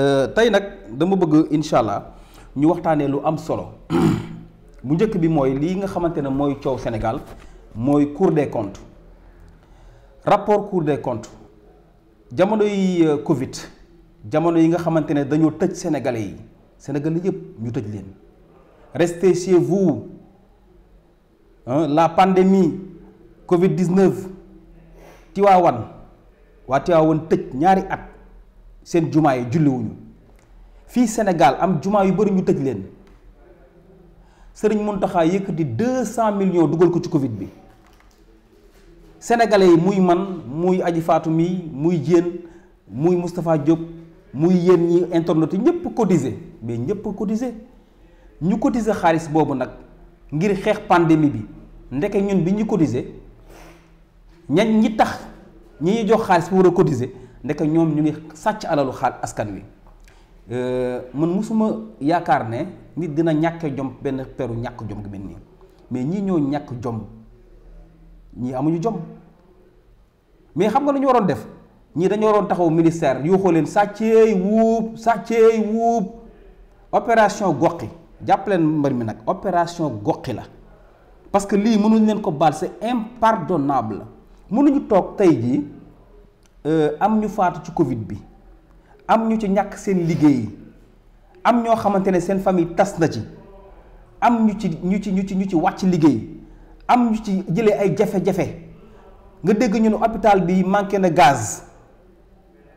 Euh, tey nag dama bëgg incha allah ñu waxtaanee lu am solo bu njëkk bi mooy lii nga xamante ne mooy coow Sénégal mooy Cour des comptes rapport Cour des comptes jamono yi euh, Covid jamono yi nga xamante ne dañoo tëj Sénégalais yi Sénégalais yëpp ñu tëj leen restez chez vous la pandémie Covid 19 Tiwaawan waa Tiwaawan tëj ñaari at. seen jumaa yi julliwuñu fii Sénégal am jumaa yu bëri ñu tëj leen Sëriñ Muntaxa yëkkati deux cent millions dugal ko ci Covid bi sénégalais yi muy man muy aji faatu mi muy jéen muy Moustapha Diop muy yéen ñi internautes yi ñëpp cotiser mais ñëpp cotiser ñu cotiser xaalis boobu nag ngir xeex pandémie bi ndeke ñun bi ñu cotiser ñañ ñi tax ñi ñu jox xaalis bu war a cotise ndeke ñoom ñu ngi sàcc alalu xaal askan wi euh, man mosuma yaakaar ne nit dina ñàkke jom benn peru ñàkk jom gi mel nii mais ñii ñoo ñàkk jom ñii amuñu jom mais xam nga lu ñu waroon def ñii dañu waroon taxaw ministère yoo xoo leen sàcceey wuub sàcceey wuub opération goqi jàppaleen mbër mi nag opération goqi la parce que lii mënuñ leen ko baal c'est impardonnable mënuñu toog tey jii Euh, am ñu faatu ci Covid bi am ñu ci ñàkk seen liggéey am ñoo xamante ne seen famille tas na ci am ñu ci ñu ci ñu ci ñu ci wàcc liggéey am ñu ci jëlee ay jafe-jafe nga dégg ñu ne hôpital bi manqué na gaz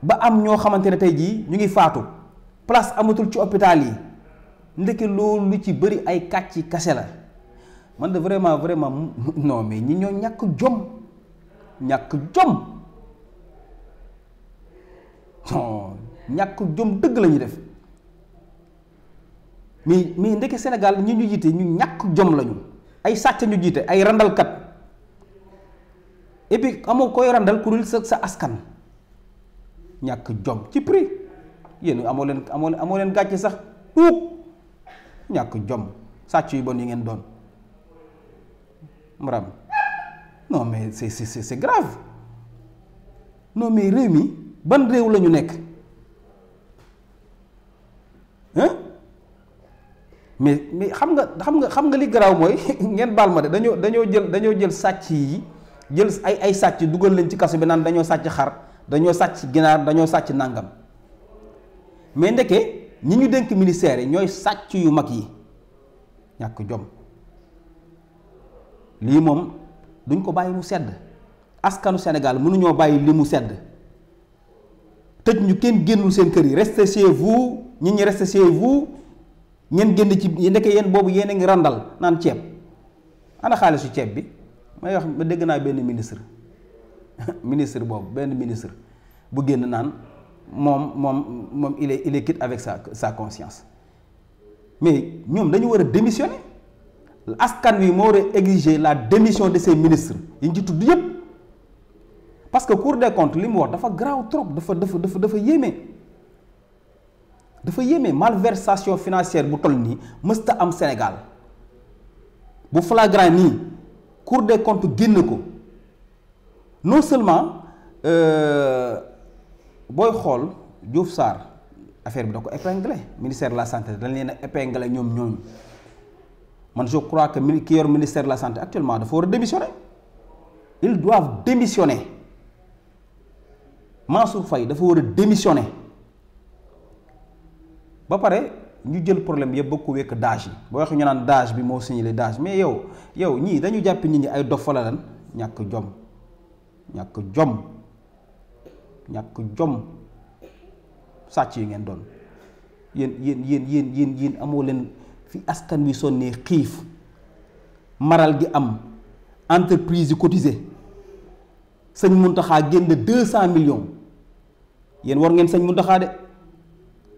ba am ñoo xamante ne tey jii ñu ngi faatu place amatul ci hôpital yi ndeke loolu lu ci bëri ay kàcci kase la man de vraiment vraiment non mais ñi ñoo ñàkk jom ñàkk jom. non ñàkk jom dëgg la def mais mais ndeke Sénégal ñi ñu jiite ñu ñàkk jom lañu ay sàcc ñu jiite ay randalkat et puis amoo koy randal kuril sa sa askan ñàkk jom ci prix yéen amoo leen amoo leen amoo leen gàcce sax tuub ñàkk jom sàcc yu bon yi ngeen doon mbaram non mais c'est c'est grave non mais réew mi ban réew la ñu nekk mais mais xam nga xam nga xam nga li garaaw mooy ngeen baal ma de dañoo dañoo jël dañoo jël sàcc yi jël ay ay sàcc dugal leen ci kaso bi naan dañoo sàcc xar dañoo sàcc ginaar dañoo sàcc nàngam mais ndeke ñi ñu dénk ministère yi ñooy sàcc yu mag yi ñàkk jom lii moom duñ ko bàyyi mu sedd askanu Sénégal mënuñoo bàyyi li mu sedd tëj ñu kenn génnul seen kër yi restez chez vous ñit ñi restez chez vous ngeen génn ci ndeke yéen boobu yéen ngi randal naan ceeb ana xaalisu ceeb bi may wax ma dégg naa benn ministre ministre boobu benn ministre bu génn naan moom moom moom il est il est quitte avec sa sa conscience mais ñoom dañu war a démissionner askan wi moo war a exiger la démission de ces ministres yi ñu ci tudd parce que cour des comptes li mu wax dafa graaw trop dafa dafa dafa dafa yéeme dafa yéeme malversation financière bu toll nii mësta am Sénégal bu flagrant nii cour des comptes génn ko non seulement euh, booy xool Diouf saar affaire bi da ko épinglé ministère de la santé dañ leen a épinglé ñoom ñooñu man je crois que ki yor ministère de la santé actuellement dafa war a démissionner ils doivent démissionner. Mansour Faye dafa war a démissionner ba pare ñu jël problème yëpp bëgg ko wékk daaj yi boo waxee ñu naan daaj bi moo signalé daaj mais yow yow ñii dañu jàpp nit ñi ay dof la lan ñàkk jom ñàkk jom ñàkk jom sàcc yi ngeen doon yéen yéen yéen yéen yéen yéen amoo leen fi askan wi sonnee xiif maral gi am entreprise yi cotisé sëñ Muntaxa génn deux cent millions yéen war ngeen sañ Muntaxa de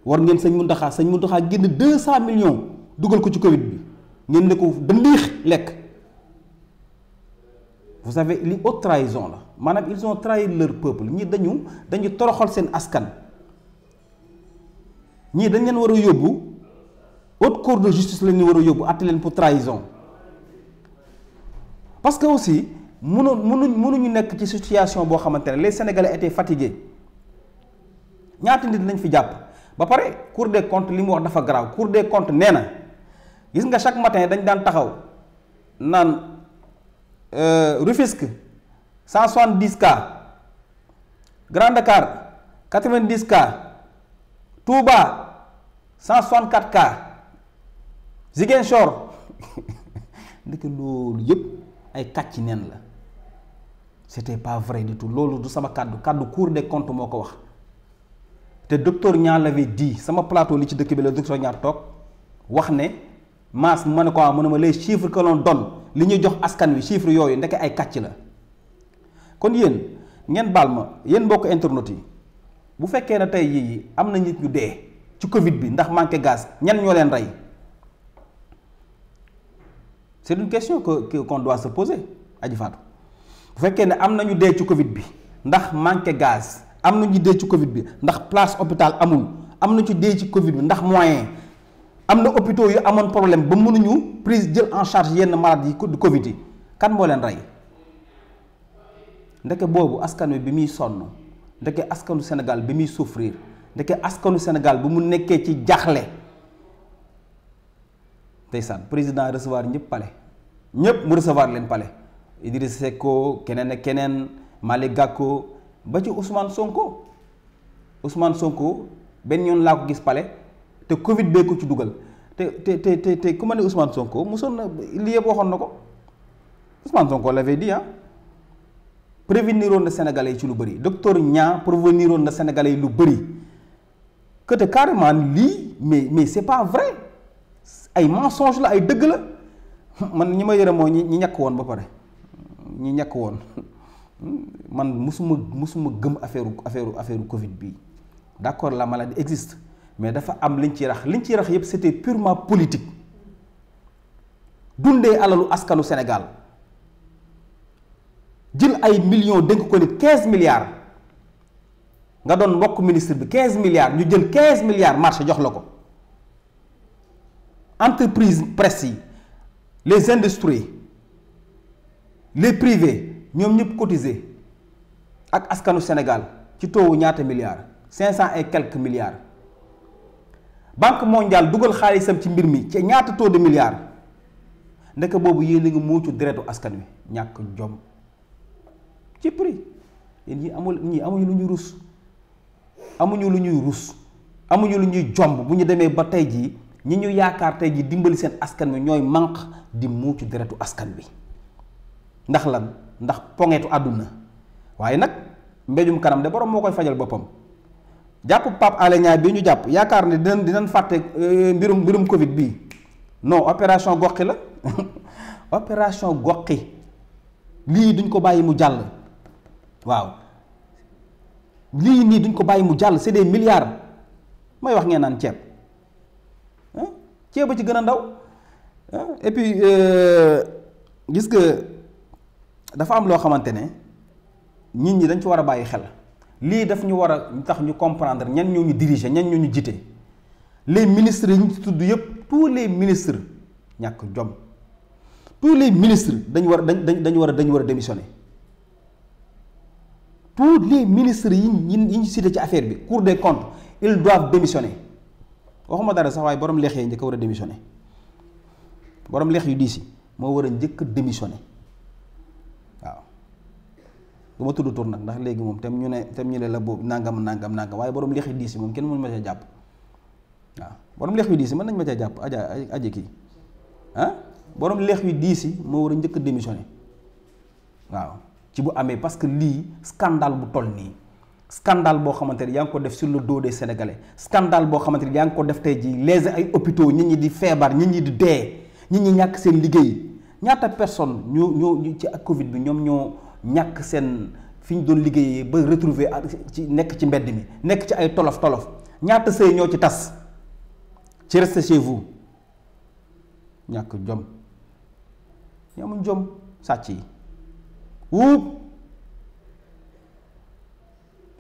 war ngeen sañ Muntaxa sëñ Muntaxa génn 200 million dugal ko ci Covid bi ngeen ne ko dandiix lekk vous savez li haute trahison la maanaam ils ont trahi leur peuple ñii dañu dañu toroxal seen askan ñii dañ leen war a yóbbu haute cour de justice la war a yóbbu àtte leen pour trahison parce que aussi mënu mënuñ mënuñu nekk ci situation boo xamante ne les Sénégalais étaient fatigués ñaata nit lañ fi jàpp ba pare cour des comptes li mu wax dafa garaaw cour des comptes nee na gis nga chaque matin dañ daan taxaw naan euh, Rufisque cent soixante dix cas Grand Dakar quatre vingt dix cas Touba cent soixante quatre cas Ziguinchor ndeke loolu yëpp ay kàcc neen la et pas vrai du tour loolu du sama kàddu kàddu cour des comptes moo ko wax. te docteur Niang l'avait dit sama plateau li ci dëkk bi la docteur ñaar toog wax ne masse ma ne ko ah, mu ne ma les chiffres que don li ñuy jox askan wi chiffres yooyu ndeke ay kàcc la kon yéen ngeen baal ma yéen mbokk internautes yi bu fekkee ne tey yii am na nit ñu dee ci Covid bi ndax manqué gaz ñan ñoo leen rey c'est une question que qu'on doit se poser Adji Fatou fekkee ne am na ñu dee ci Covid bi ndax manqué gaas am na ñu dee ci Covid bi ndax place hôpital amul am na ci dee ci Covid bi ndax moyen am na hôpitaux yu amoon problème ba mu mënuñu prise jël en charge yenn malades yi du Covid yi kan moo leen rey ndeke boobu askan wi bi muy sonn ndeke askanu Sénégal bi muy souffrir ndeke askanu Sénégal bi mu nekkee ci jaxle ndeysaan président recevoir ñëpp pale ñëpp mu recevoir leen pale Idrissa Seck keneen ak keneen Malick Gakou ba ci Ousmane Sonko Ousmane Sonko benn yoon laa ko gis pale te Covid bee ko ci dugal te te te te te ku ma ne Ousmane Sonko mosoon na li yëpp waxoon na ko Ousmane Sonko l'avait dit ah prévenir woon na Sénégalais yi ci lu bëri docteur ñaar prévenir woon na Sénégalais yi lu bëri que te carrément lii mais mais c'est pas vrai ay mensonge la ay dëgg la man ñi ma yërëm moo ñi ñàkk woon ba pare ñi ñàkk woon. man musuma musuma gëm affaire affaire affaire Covid bii d' accord la maladie existe mais dafa am liñ ciy rax liñ ciy rax yëpp c' était purement politique dundee alalu askanu Sénégal jël ay millions dénk ko nit 15 nga doon mbokk ministre bi 15 milliards ñu jël 15 milliards marché jox la ko entreprise presse yi les industries les privés. ñoom ñëpp cotiser ak askanu Sénégal ci toowu ñaata milliards cinq cent et quelques milliards banque mondiale dugal xaalisam ci mbir mi ci ñaata taux de milliards ndeke boobu yéen a ngi muucu deretu askan wi ñàkk jom ci prix yéen amul ñii amuñu lu ñuy rus amuñu lu ñuy rus amuñu lu ñuy jomb bu ñu demee ba tey jii ñi ñu yaakaar tey jii dimbali seen askan wi ñooy mànq di muucu deretu askan wi ndax lan ndax poŋetu àdduna waaye nag mbéjum kanam de borom moo koy fajal boppam jàpp Pape Alé bi ñu jàpp yaakaar ne dinañ dinañ fàtte euh, mbirum mbirum Covid bii no opération goqi la opération goqi lii duñ ko bàyyi mu jàll waaw lii nii duñ ko bàyyi mu jàll c'est des milliards may wax ngeen naan ceeb ceeb a ci gën a ndaw et euh, gis nga. dafa am loo xamante ne nit ñi dañ ci war a bàyyi xel lii daf ñu war a tax ñu comprendre ñen ñoo ñu diriger ñan ñoo ñu jite les ministre yi ñu ci tudd yëpp tous les ministres ñàkk jom tous les ministres dañu war dañ dañ dañu war a dañu war a démissionner tous les ministres yi ñu yi ñu ci affaire bi Cour de comptes ils doivent démissionner waxuma dara sax waaye borom leex yi njëkk war a démissionner borom leex yu diisi moo war a njëkk a du ma tudd tur nag ndax léegi moom tam ñu ne tam ñu ne la boobu nangam nangam nangam waaye borom leex yi diis yi moom kenn mënu ma a jàpp waaw borom leex yu diis yi mën nañ ma cee jàpp aja aja kii ah borom leex yu diis yi moo war a njëkk a waaw ci bu amee parce que lii scandale bu toll nii scandale boo xamante ni yaa ngi ko def sur le dos des sénégalais scandale boo xamante ni yaa ngi ko def tey jii les ay hôpitaux nit ñi di feebar ñi ñi di dee nit ñi ñàkk seen liggéey ñaata personne ñu ñoo ci ak Covid bi ñoom ñoo. ñàkk seen fi ñu doon liggéeyee ba retrouver ci nekk ci mbedd mi nekk ci ay tolof tolof ñaata sëy ñoo ci tas ci restez chez ñàkk jom ñu amuñ jom sàcc yi wuub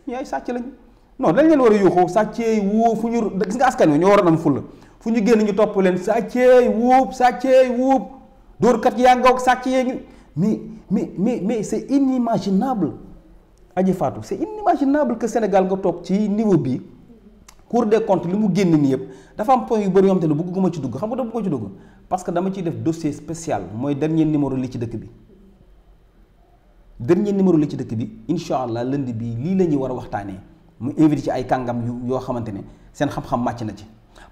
ñu sàcc lañ non dañ leen war a yuuxu sàcceey wuub fu ñu gis nga askan wi ñoo waroon am fulla fu ñu génn ñu topp leen sàcceey wuub sàcceey wuub dóorkat yaa ngoog sàcc yee ngi mais mais mais c'est inimaginable aji faatu c'est inimaginable que Sénégal nga toog ci niveau bi Cour des comptes li mu génn nii yëpp dafa am point yu bëri yoo xam te ne bëgguma ci dugg xam nga dafa ko ci dugg parce que dama ciy def dossier spécial mooy dernier numéro li ci dëkk bi dernier numéro li ci dëkk bi incha allah lënd bi lii la ñuy war a waxtaanee mu invité ci ay kàngam yoo xamante ne seen xam-xam màcc na ci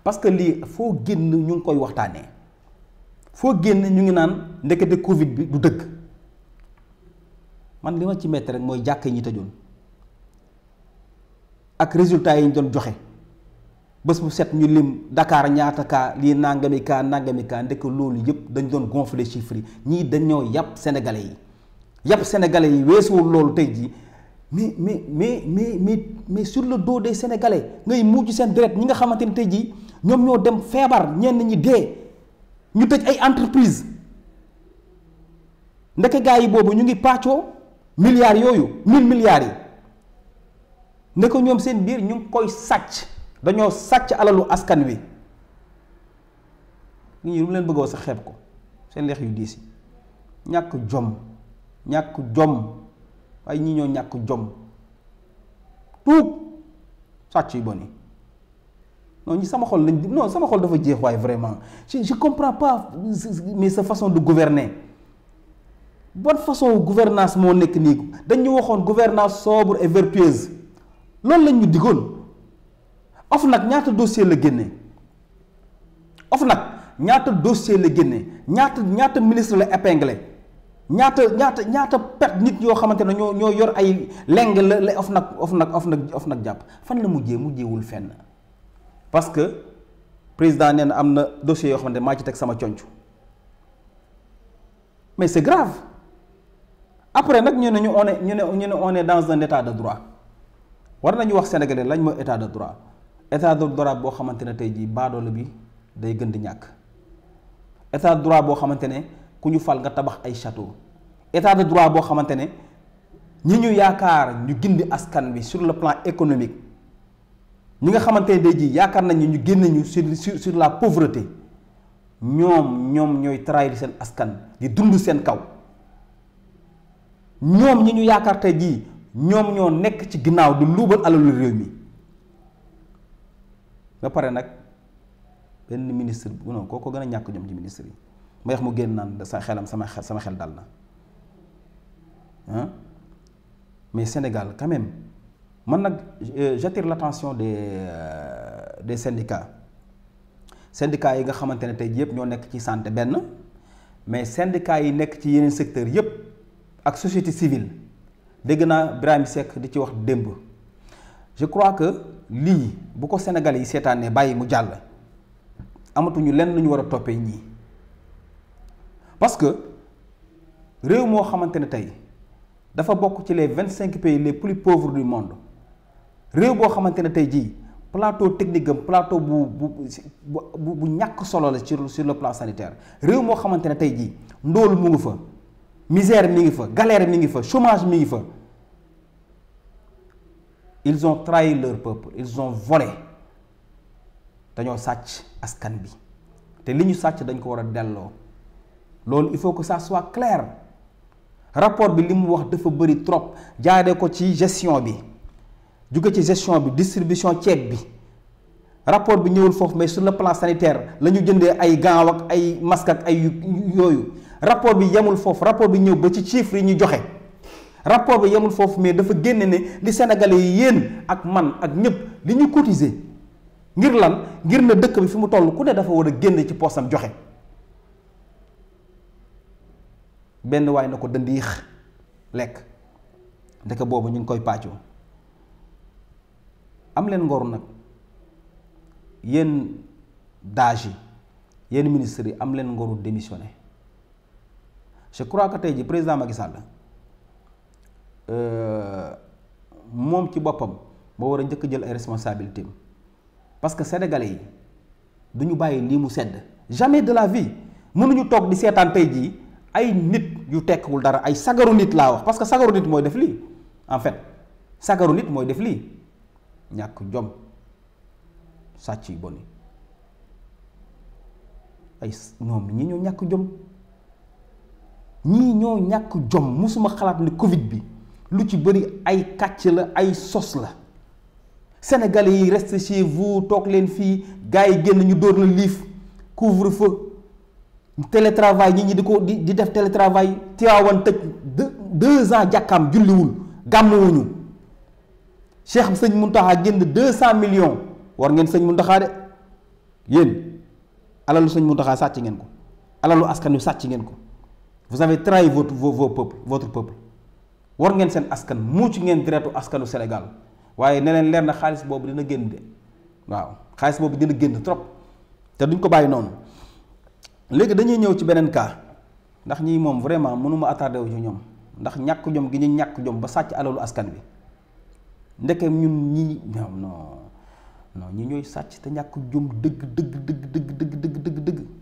parce que lii foo génn ñu ngi koy waxtaanee foo génn ñu ngi naan ndekete Covid bi du dëgg. man li ma ci metti rek mooy jàkk ñu tëjoon ak résultat yi ñu doon joxe bés bu set ñu lim Dakar ñaata kaa lii nangami kaa nangami ndekk loolu yëpp dañ doon gonfler chiffres yi ñii dañoo yàpp sénégalais yi yàpp sénégalais yi weesuwul loolu tey jii mais mais mais mais mais mais sur le dos des sénégalais ngay muuj seen deret ñi nga xamante ni tey jii ñoom ñoo dem feebar ñenn ñi dee ñu tëj ay entreprise ndeke gaa yi boobu ñu ngi pàccoo milliards yooyu mille milliards yi ne ko ñoom seen biir ñu ngi koy sàcc dañoo sàcc alalu askan wi ñu ñi lu mu leen bëggoo sa xeeb ko seen leex yu diis yi ñàkk jom ñàkk jom waaye ñii ñoo ñàkk jom tuub sàcc yu bon yi non ñi sama xol lañ non sama xol dafa jeex waaye vraiment je je comprends pas mais sa façon du gouverner bonne façon gouvernance moo nekk nii dañu waxoon gouvernance sobre et vertueuse loolu lañ ñu digoon OFNAC ñaata dossier la génne OFNAC ñaata dossier la génne ñaata ñaata ministre la épinglé ñaata ñaata ñaata perte nit yoo xamante ne ñoo ñoo yor ay leng la la OFNAC OFNAC OFNAC OFNAC jàpp fan la mujjee mujjeewul fenn parce que président nee na am na dossier yoo xamante ne maa ci teg sama conc mais c'est grave après nag ñu ne ñu on est ñu ne ñu ne on état de droit war nañu wax sénégalais lañ mooy état de droit état de droit boo xamante ne tey jii baadoolo bi day gën di ñàkk état de droit boo xamante ne ku ñu fal nga tabax ay château état de droit boo xamante ne ñi ñu yaakaar ñu gindi askan bi sur le plan économique ñi nga xamante ne day ji yaakaar nañ ñu génne ñu sur sur la pauvreté ñoom ñoom ñooy trahir seen askan di dund seen kaw. ñoom ñi ñu yaakaar tey jii ñoom ñoo nekk ci ginnaaw di luubal alalu réew mi ba pare nag benn ministre bu non koo ko gën a ñàkk ñoom ci ministre yi ma wax mu génn naan sa xelam sama xel sama xel dal na mais Sénégal quand man nag euh, j'attire l'attention des euh, des syndicats syndicats yi nga xamante ne tey yëpp ñoo nekk ci santé benn mais syndicats yi nekk ci yeneen secteurs yëpp. ak société civile dégg naa Birahim Seck di ci wax démb je crois que lii bu ko Sénégalais yi seetaanee bàyyi mu jàll amatuñu lenn lu ñu war a toppee ñii parce que réew moo xamante ne tey dafa bokk ci les vingt cinq pais les plus pauvres du monde réew boo xamante ne tey jii plateau technique plateau bu bu bu bu ñàkk solo la ci sur le plan sanitaire réew moo xamante ne tey jii ndoolu mu fa. misère mi ngi fa galère mi ngi fa chômage mi ngi fa ils ont trahi leur peuple ils ont volé dañoo sàcc askan bi te li ñu sàcc dañ ko war a delloo loolu il faut que ça soit clair rapport bi li mu wax dafa bëri trop jaaree ko ci gestion bi jóge ci gestion bi distribution ceeb bi rapport bi ñëwul foofu mais sur le plan sanitaire la ñu jëndee ay gants ak ay masques ak ay yooyu rapport bi yemul foofu rapport bi ñëw ba ci chiffres yi ñu joxe rapport bi yemul foofu mais dafa génne ne li Sénégalais yi yéen ak man ak ñëpp li ñu cotiser ngir lan ngir ne dëkk bi fi mu toll ku ne dafa war a génn ci poosam joxe benn waay na ko dëndiix lekk ndeke boobu ñu ngi koy pàccoo am leen ngoru nag yenn daaj yi yéen ministres yi am leen ngoru démissionné je crois que tey ji président Macky Sall euh, moom ci boppam moo war a njëkk jël ay responsabilités parce que sénégalais yi duñu bàyyi lii mu sedd jamais de la vie mënuñu toog di seetaan tey jii ay nit yu tekkiwul dara ay sagaru nit laa wax parce que sagaru nit mooy def lii en fait sagaru nit mooy def lii ñàkk jom sàcc yu bon yi ay ñoom ñi ñoo ñàkk jom. ñii ñoo ñàkk jom musuma xalaat ne Covid bi lu ci bëri ay kàcc la ay sos la sénégalais yi restez chez toog leen fii gars yi génn ñu dóor na liif couvre feu télétravail ñi ñi di ko di di def télétravail Tiwaawan tëj deux ans jàkkam julliwul gàmmuwuñu Cheikh sëñ taxaa génn deux cent million war ngeen sëñ Muntaxa de yéen alalu sëñ Muntaxa sàcc ngeen ko alalu askan yu sàcc ngeen ko. vous avez trahi votre vos vos peuple votre peuple war ngeen seen askan mu ci ngeen deretu askanu Sénégal waaye ne leer na xaalis boobu dina génn de waaw xaalis boobu dina génn trop te duñ ko bàyyi noonu léegi dañuy ñëw ci beneen cas ndax ñii moom vraiment mënuma attardé wu ci ñoom ndax ñàkk jom gi ñuy ñàkk jom ba sàcc alalu askan bi ndeke ñun ñii non non non ñi ñooy sàcc te ñàkk jom dëgg dëgg dëgg dëgg dëgg dëgg dëgg